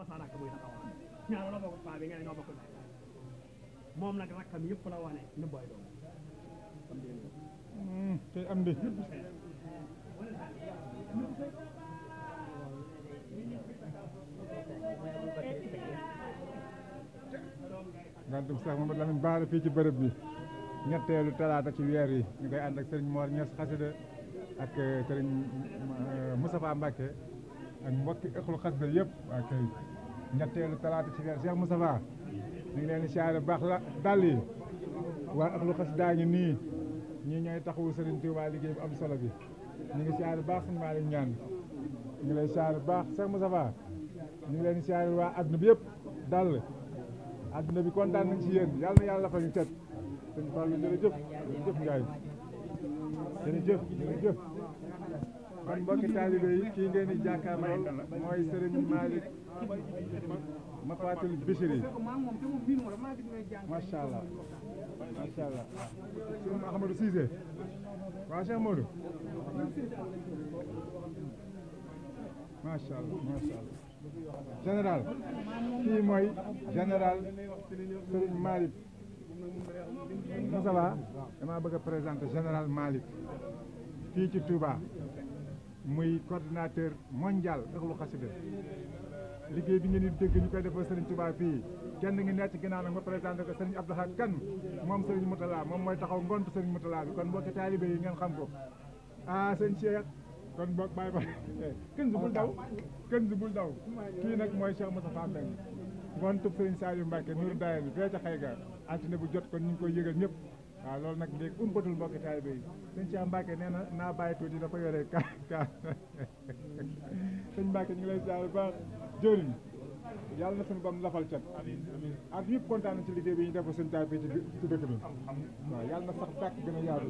ba sa rakk bi nga ne ñoo moom la wane ñu booy hmm, fii ci bërëb bi ñetteelu talaata ci weer yi ñu koy ànd ak Serigne Mor Niass xasida ak eh, Serigne eh, Moustapha Mbacké ak mbokki ëxlu xasida yëpp waa kay ñetteelu talaata ci weer Cheikh Moustapha ñu ngi leen di siyaare baax la dàll yi waa ëxlu xasida ngi nii ñii ñooy taxawu Serigne Touba liggéey bu am solo bi ñu ngi siyaare baax suñu Malick ñaan ñu ngi lay baax Cheikh Moustapha ñu ngi leen di siyaare waa adduna bi yëpp dàll adduna bi kontaan nañ ci yéen yàlla na yàlla fa ñu tet suñu Fallou jërëjëf jërëjëf Ndiaye jërëjëf jërëjëf kon mbokki taalibe yi kii ngeen di jàkkaarlool mooy Serigne Malick Mafatul Bichri macha allah macha allah. Serigne Ahmadou Cissé waaw Cheikh Modou macha allah macha allah général kii mooy général Serigne Malick Moussa damaa bëgg a présenter général Malick ci Touba. muy coordinateur mondial ëxlu xasida liggéey bi ngeen di dégg ñu koy defal Serigne Touba fii kenn ngi nekk ci ginnaaw nag ma présenté ko Serigne Abdou Khadre Kane moom Serigne Moutala moom mooy taxaw ngontu Serigne Moutala bi kon mbokki taalibe yi ngeen xam ko ah sëñ Cheikh kon mbokk bàyyi ba kën si daw kën si bul daw kii nag mooy Cheikh Moustapha Pène ngontu Serigne Saliou Mbacke Nour Dayen fee ca Xayga altine bu jot kon ñu ngi koy yëgal ñëpp waaw loolu nag léegi umpatul mbokki taalibe yi sëñ Cheikh Mbacke nee na naa bàyyi tuuti dafa yore ka ka sëñ Mbacke ñu ngi lay ziar bu baax jëriñ yàlla na suñu bam lafal cat ak yëpp kontaan ci liggéey bi ñu def ko sëñ taal fii ci dëkk bi waaw yàlla na sax dàkk gën a yaatu